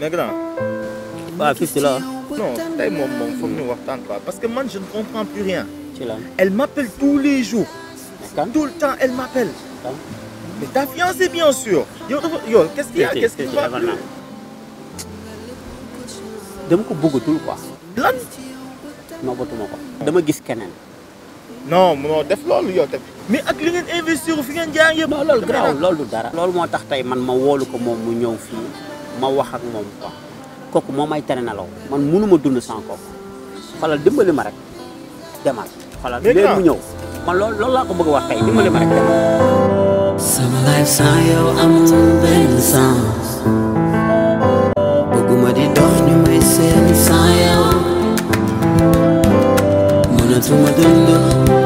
mais grand. bah fii si là non tey mon, mon foog ñu tant quoi parce que man je ne comprends plus rien. ci là elle m'appelle tous les jours. tout le temps elle m'appelle. mais ta fiancée bien sûr. Yo, qu'est-ce qu'il y a qu'est-ce qu'il y a dama ko bëggatul quoi. lan. noobatuma ko. dama gis keneen. non non def lolu yo tamit. mais ak li ngeen investir fi ngeen jaar yëpp. non loolu lolu dara. Lolu mo tax tay man ma woolu ko mom mu ñew fi. ma wax ak mom quoi koku mo may tane nalaw man mënuma dund sans koku xolal dimbali ma rek demal xolal leer mu ñew man lool lool la ko bëgg wax tay ma rek demal sama life ben bëgguma di dox ñu may seen dund